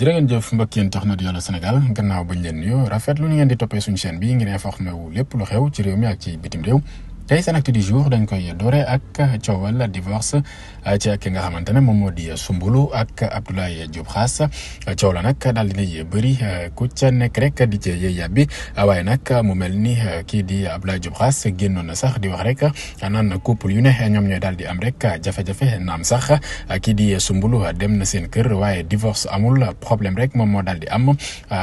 jërë ngeen jëf mbokk yéen na di yàlla Sénégal gannaaw bañ leen nuyoo rafet lu ñu ngeen di toppee suñu seen bi ngir informé wu lépp lu xew ci réew mi ak ci bitim réew tey seen acte du jour dañ koy doore ak coowal divorce euh, ci ki nga xamante ne moom moo di sumbulu ak Abdoulaye Diop Khass coow la nag daal di nay bëri euh, ku ca nekk rek di ca yëy yàbbi waaye nag mu mel ni euh, kii di Abdoulaye Diop Khass génnoon na sax di wax rek naan couple yu ne ñoom ñooy daal di am rek jafe-jafe naam sax kii di Soumboulou dem na seen kër waaye divorce amul problème rek moom moo daal di am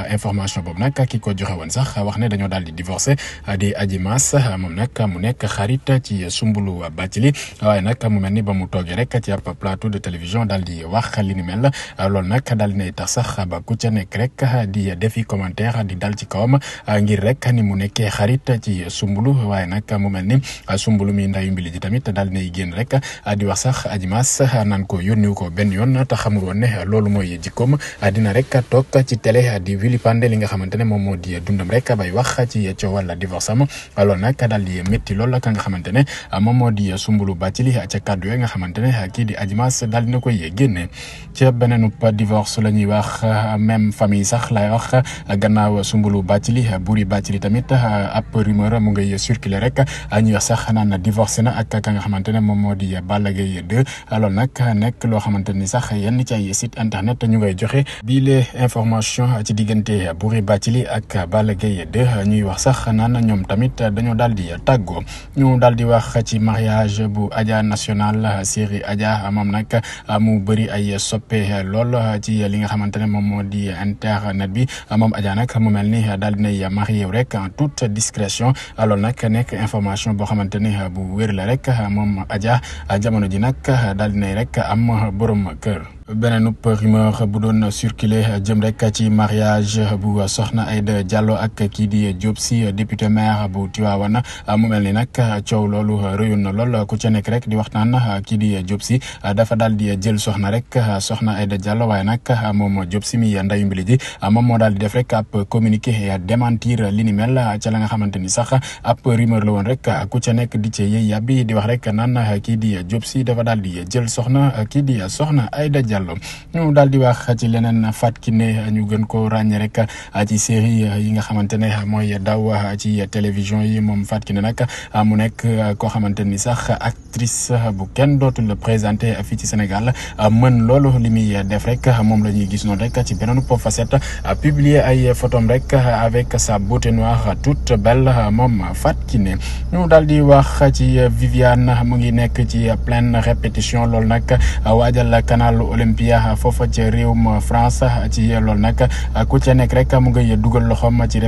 information boobu nag ki ko joxe woon sax wax ne dañoo daal di divorcé di Adji Mass moom nag mu xarit ci Soumboulou Bathily waaye nag mu mel ni ba mu toogee rek ci ab plateau de télévision daal di wax li ni mel loolu nag daal di nay tax sax ba ca nekk rek di defi commentaire di dal ci kawam ngir rek ni mu nekkee xarit ci Soumboulou waaye nag mu mel ni Soumboulou mi ndayu mbili ji tamit daal di génn rek di wax sax Adji Mass naan ko yónniwu ko benn yoon te xamul woon ne loolu mooy jikkoom dina rek toog ci télé di vilipande li nga xamante ne moom moo di dundam rek bay wax ci coowal divorce am loolu nag daal di métti lool. ka nga xamante ne ah, moom moo di Soumboulou Bathily ah, ca kàddu ya nga xamante ne ah, kii di Adji Mass dina koy génne ca beneen divorce la ñuy wax même famille sax laay wax gannaaw Soumboulou Bathily Boury Bathily tamit ab rumeur mu ngay circuler rek ñuy wax sax naan divorce na ak ka nga xamante ne moom moo di Balla Gaye 2 loolu nag nekk loo xamante ni sax yenn ci ay site internet ñu ngay joxe bii les information ci diggante Boury li ak Balla Gaye 2 ñuy wax sax naan ñoom tamit dañoo daal di tàggoo ñu daal di wax ci mariage bu Adja national Seri Adja moom nag amu bëri ay soppe lool ci li nga xamante ne moom moo di internet bi amoom Adja nag mu mel ni daal di nay marié rek en toute discrétion loolu nag nekk information boo xamante ni bu wér la rek moom Adja jamono ji nag daal di nay rek am borom kër. beneen rumeur bu doon circuler jëm rek ci mariage bu soxna Aïda Diallo ak kii di Diop Sy député maire bu Tivaouane mu mel ni nag coow loolu rëyoon na lool ku ca nekk rek di waxtaan kii di Diop Sy dafa daal di jël soxna rek soxna Aïda Diallo waaye nag moom Diop Sy mi ndayu mbili moom moo daal di def rek ab communiqué et démentir li ni mel ca la nga xamante ni sax ab rumeur la woon rek ku ca nekk di ci yëy yàbbi rek naan kii di Diop Sy dafa dal di jël soxna kii di soxna Diallo ñu daal di wax ci leneen Fatou Kiné ñu gën ko ràññee rek ci série yi nga xamante ne mooy daw ci télévision yi moom Fatou Kiné nag mu nekk koo xamante ni sax actrice bu kenn dootul présenté fii ci Sénégal mën loolu li muy def rek moom la ñuy gis noonu rek ci beneen facette publier ay photom rek avec sa beauté noire toute belle moom Fatou Kiné ñu daal di wax ci Viviane mu ngi nekk ci pleine répétition loolu a waajal canal Olympia foofa ca réewum France ci ca nekk rek mu ngay dugal loxoom ci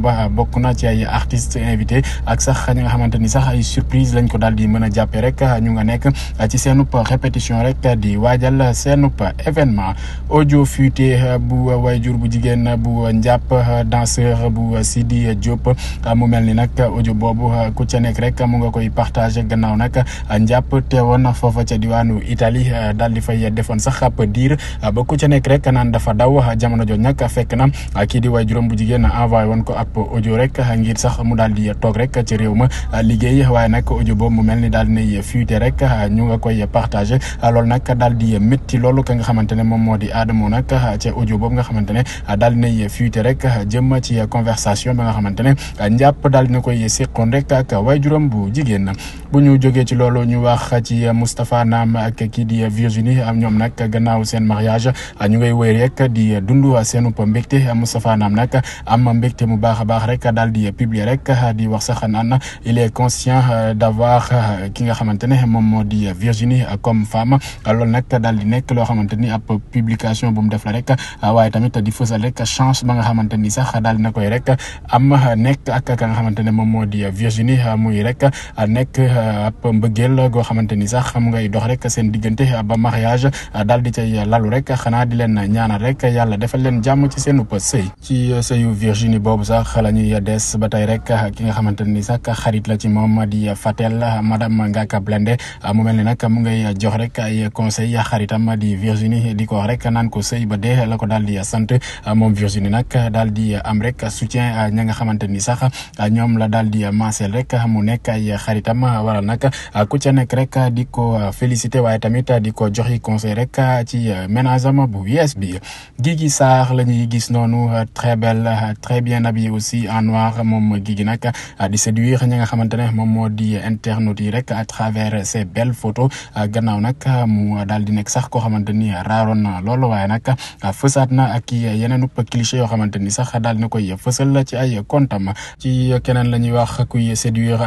ba bokk na ci ay artistes invités ak sax ni sax ay surprise lañ ko daal di mën a jàppee rek ñu nga nekk ci seenub répétition rek di waajal seenub événement audio fuité bu wayjur bu jigéen bu njàpp danseur bu Sidi Diop mu mel ni nag audio boobu ku ca nekk rek mu nga koy partagé gannaaw nag njàpp teewoon foofa ca diwaanu Italie daal di fay defoon sax. ab diir ba ku ca nekk rek naan dafa daw jamono jooju nag fekk na kii di waajuram bu jigéen envoyé woon ko ab audio rek ngir sax mu daal di toog rek ca réew ma liggéey waaye nag audio boobu mu mel ni daal di fuité rek ñu nga koy partagé loolu nag daal di métti loolu ka nga xamante ne moom moo di Adamo nag ca audio boobu nga xamante ne daal di nay rek jëm ci conversation bi nga xamante ne njàpp daal di na koy séqoon rek ak waajuram bu jigéen bu ñu jógee ci loolu ñu wax ci Moustapha Naam ak kii di Virginie ñoom nag gannaaw seen mariage ñu ngay wéy rek di dund seenu mbégte Moustapha Naam nag am mbégte mu baax a baax rek daal di publier rek di wax sax naan il est conscient d'avoir ki nga xamante ne moom moo di Virginie comme femme loolu nag daal di nekk loo xamante ni ab publication bu mu def la rek waaye tamit di fësal rek chance ba nga xamante ni sax daal dina koy rek am nekk ak ka nga xamante ne moom moo di Virginie muy rek nekk. ab mbëggeel goo xamante ni sax xam ngay dox rek seen diggante ba mariage daal di cay lalu rek xanaa di leen ñaanal rek yàlla defal leen jàmm ci seen sëy ci sëyu Virginie boobu sax la ñuy des ba tey rek ki nga xamante sax xarit la ci moom di Fatel madame Ngaka Blende mu mel ni nag mu ngay jox rek ay conseil xaritam di Virginie di ko wax rek naan ko sëy ba dee la ko daal di sant moom Virginie nag daal di am rek soutien ña nga xamante ni sax ñoom la daal di maaseel rek mu nekk ay xaritam. waral nag ah, ku ca nekk rek ah, di ko ah, félicité waaye tamit di ko joxi conseil rek ci ménage am bu wees bi Guigui Sarr la ñuy gis noonu très belle très bien habillée aussi en noir moom Guigui nag di séduire ñi nga xamante ne moom moo di internautes yi rek à travers ces belles photos gannaaw nag mu daal di nekk sax koo xamante ni raaroon lool waaye waaye nag fësaat na ak yeneen cliché yoo xamante ni sax dal na koy fësal ci ay kontam ci keneen la ñuy wax kuy séduire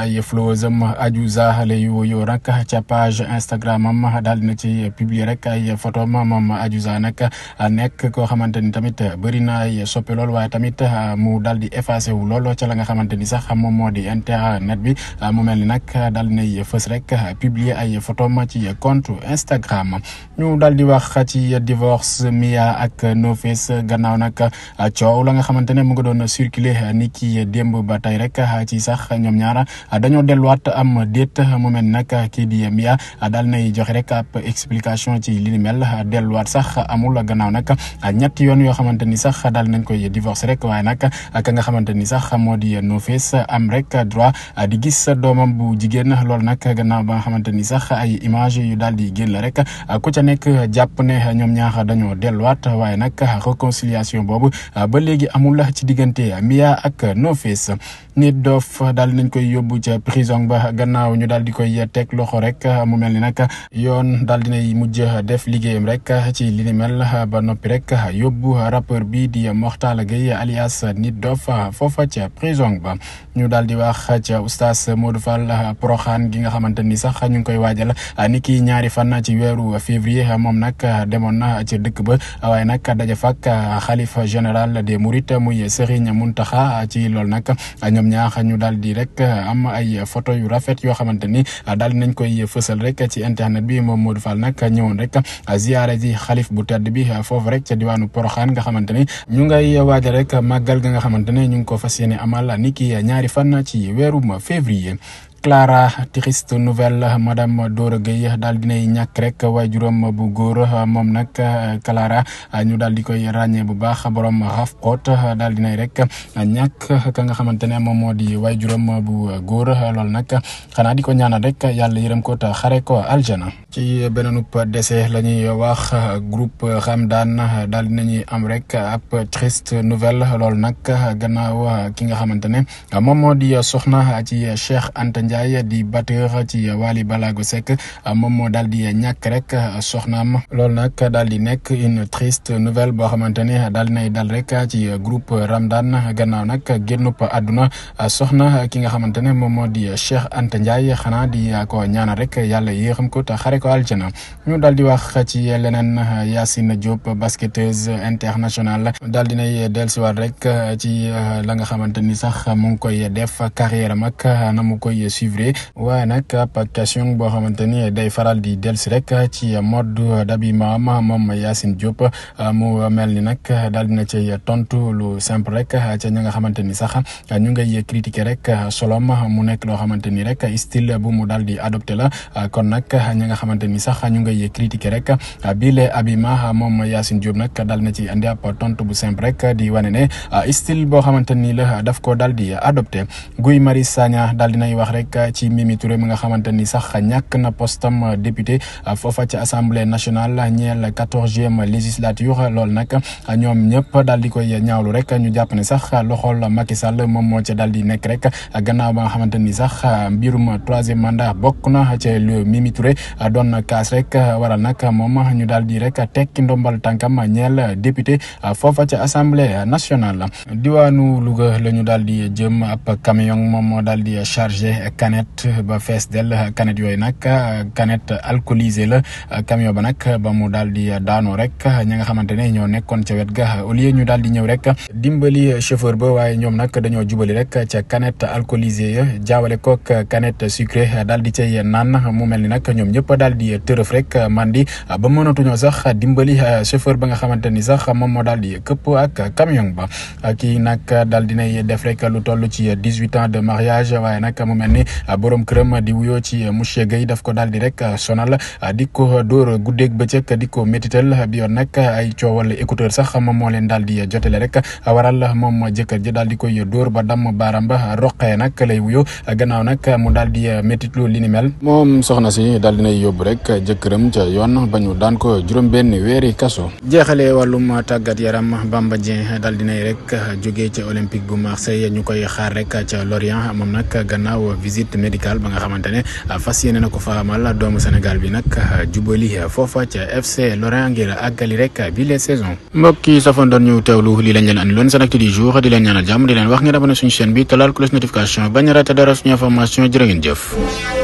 Louza lay wuyoo nag ca page Instagram am daal ci publier rek ay photo am moom Adiouza nekk koo xamante ni tamit bëri na ay soppe tamit mu daal di effacé wu lool ca la nga xamante ni sax moom moo di internet bi mu mel ni nag daal dinay fës rek publier ay foto am ci compte Instagram ñu daal di wax ci divorce Mia ak Nofees gannaaw nag coow la nga xamante ne mu ngi doon circuler ni ki démb ba tey rek ci sax ñoom ñaara dañoo delluwaat am. Guèye mu mel nag kii di Mia daal nay joxe rek ab explication ci li ni delluwaat sax amul gannaaw nag ñetti yoon yoo xamante ni sax dal nañ koy divorce rek waaye nag ka ni sax moo di Nofees am rek droit di gis doomam bu jigéen loolu nag gannaaw ba nga xamante ni sax ay image yu daal di génn rek ku ca nekk jàpp ne ñoom ñaax dañoo delluwaat waaye nag réconciliation boobu ba léegi amul ci diggante Mia ak Nofees nit doof daal nañ koy yóbbu ca prison ba gannaaw. ginnaaw ñu daal di koy teg loxo rek mu mel ni nag yoon daal dinay mujj def liggéeyam rek ci li ni mel ba noppi rek yóbbu rappeur bi di am Mortalla Gueye alias Nit Dof foofa ca prison ba ñu daal di wax ca oustaz Modou Fall Proxaan gi nga xamante ni sax ñu ngi koy waajal ni ki ñaari fan ci weeru février moom nag demoon na ca dëkk ba waaye nag daja fak xalifa général des Mourides muy Serigne Mountakha ci loolu nag ñoom ñaax ñu daal rek am ay photo yu rafet yoo xamante ni ah, daal dinañ koy fësal rek ci internet bi moom Modou Fall nag ñëwoon rek ah, ziyaare ji xalif bu tedd bi ah, foofu rek ca diwaanu Poroxaan nga xamante ni ñu ngay waajal rek màggal ga nga xamante ne ñu ngi ko fas yéene amal ni ki ñaari fan ci weeru février Clara triste nouvelle madame Doro Gueye daal dinay ñàkk rek juróom bu góor moom nag Clara ñu daal di koy ràññee bu baax borom raf xóot daal dinay rek ñàkk ka nga xamante ne moom moo di waajuram bu góor loolu nag xanaa di ko ñaanal rek yàlla yërëm ko te xare ko aljana ci beneenub décès la ñuy wax groupe Ramdan daal dinañuy am rek ab triste nouvelle loolu nag gannaaw ki nga xamante Ndiaye di batteur ci Wally Balago Seck moom moo daal di ñàkk rek soxnaam loolu nag daal di nekk une triste nouvelle boo xamante ne daal nay dal rek ci groupe Ramdan gannaaw nag génnup àdduna soxna ki nga xamante ne moom moo di Cheikh ante Ndiaye xanaa di ko ñaana rek yàlla yéexam ko te xare ko aljana ñu daal di wax ci leneen Yacine Diop basketteuse internationale daal di nay dellusiwaat rek ci la nga xamante ni sax mu ngi koy def carrière mag na mu koy. suivre waaye nag ab question boo xamante ni day faral di delsi rek ci mode d'habillement moom Yacine Diop mu mel ni nag daal dina cay tontu lu simple rek ca ña nga xamante ni sax ñu ngay critiquer rek solom mu nekk loo xamante ni rek style bu mu daal di adopté la kon nag ñi nga xamante ni sax ñu ngay critiquer rek bii le habillement moom Yacine Diop nag daal na ci andi ab tontu bu simple rek di wane ne a style boo xamante ni la def ko daal di adopté Guy Marius Sagna daal dinay wax rek nag ci Mimi Touré mi nga xamante ni sax ñakk na postam député foofa ci assemblée nationale ñeel quatorzième législature loolu nag ñoom ñëpp daal di koy ñaawlu rek ñu jàpp ne sax loxol Macky Sall moom moo ci daal di nekk rek gannaaw ba nga xamante ni sax mbirum troisième mandat bokk na ci lu Mimi Touré doon kaas rek waral nag moom a ñu daal di rek tekki ndombal a ñeel député foofa ci assemblée nationale diwaanu Louga la ñu daal di jëm ab camion moom moo daal di chargé canette ba fees del canette yooyu nag canette alcoolisée la camion ba nag ba mu daal di daanoo rek ñi nga xamante ne ñoo nekkoon ca wet ga au lieu ñu daal di ñëw rek dimbali chauffeur ba waaye ñoom nag dañoo jubali rek ca canette alcoolisée ya jaawale kook canette sucrée daal di cay naan mu mel ni nag ñoom ñëpp daal di tërëf rek mandi ba mënatuñoo sax dimbali chauffeur ba nga xamante ni sax moom moo daal di këpp ak kamion ba kii nag daal dinay def rek lu toll ci dix-huit ans de mariage waaye nag mu mel ni boroom këram di wuyoo ci monsieur Guèye daf ko daal di rek sonal di ko dóor guddeeg bëccëg di ko métital bi yoon nag ay coowal écouteur sax moom moo leen daal di jotele rek waral moom jëkkër ja daal di koy dóor ba damm baaram ba roqee nag lay wuyoo gannaaw nag mu daal di métitlu li ni mel. moom soxna si daal dinay yóbbu rek jëkkëram ca yoon ba ñu daan ko juróom benn weeri kaso. jeexalee wàllum tàggat yaram Bamba Dieng daal dinay rek jógee ca olympique bu Marseille ñu koy xaar rek ca moom nag gannaaw visite médicale ba nga xamante ah, fas yéene na ko fa doomu Sénégal bi nag ah, jubali ah, foofa ca FC Lorient ngir àggali rek bi les saison mbokk yi safoon doon ñu teewlu lii lañ leen andi loon seen acte du jour di leen ñaanal jàmm di leen wax ngeen abonné suñu chaîne bi te laal notification bañ a dara suñu information jërë ngeen jëf